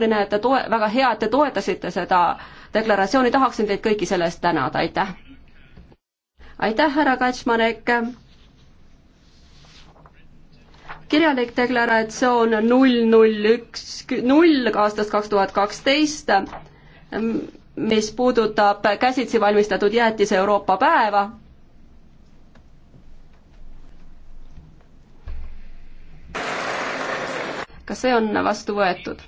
oluline, et te toe-, väga hea, et te toetasite seda deklaratsiooni, tahaksin teid kõiki selle eest tänada, aitäh! aitäh, härra Katsmanek! kirjalik deklaratsioon null null üks null aastast kaks tuhat kaksteist, mis puudutab käsitsi valmistatud jäätise Euroopa päeva kas see on vastu võetud?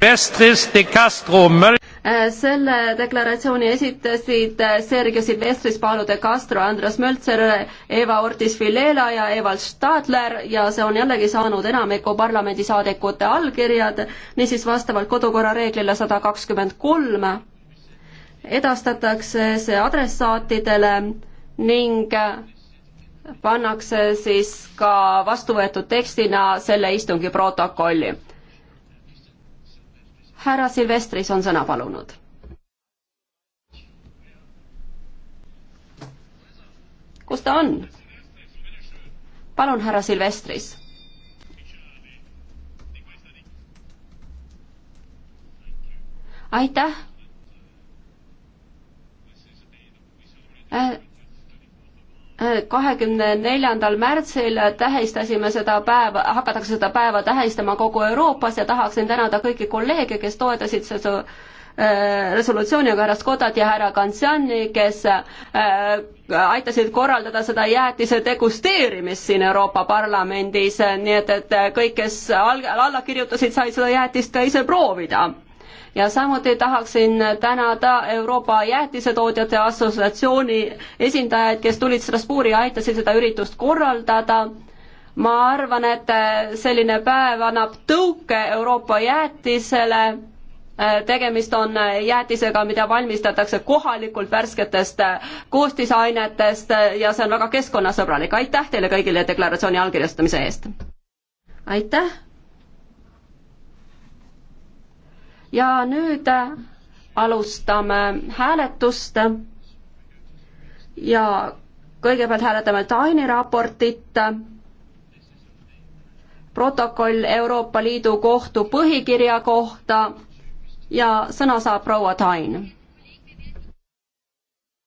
Silvestris de Castro Möl-. Äh, selle deklaratsiooni esitasid äh, Sergei Silvestris, Paolo de Castro, Andres Möltser, Eva Ortiz-Villela ja Evald Stadler ja see on jällegi saanud enamiku parlamendisaadikute allkirjad, niisiis vastavalt kodukorra reeglile sada kakskümmend kolm edastatakse see adressaatidele ning äh, pannakse siis ka vastuvõetud tekstina selle istungi protokolli härra Silvestris on sõna palunud. kus ta on? palun, härra Silvestris. aitäh äh kahekümne neljandal märtsil tähistasime seda päeva, hakatakse seda päeva tähistama kogu Euroopas ja tahaksin tänada kõiki kolleege, kes toetasid seda äh, resolutsiooni, aga härra Skodat ja härra Kantsjani, kes äh, aitasid korraldada seda jäätise degusteerimist siin Euroopa Parlamendis, nii et, et kõik, kes alla kirjutasid, said seda jäätist ka ise proovida ja samuti tahaksin tänada Euroopa Jäätisetootjate Assotsiatsiooni esindajaid, kes tulid Strasbourgi ja aitasid seda üritust korraldada. ma arvan, et selline päev annab tõuke Euroopa jäätisele tegemist on jäätisega, mida valmistatakse kohalikult värsketest koostisainetest ja see on väga keskkonnasõbralik. aitäh teile kõigile deklaratsiooni allkirjastamise eest! aitäh! ja nüüd äh, alustame hääletust ja kõigepealt hääletame Taani raportit, protokoll Euroopa Liidu kohtu põhikirja kohta ja sõna saab proua Tain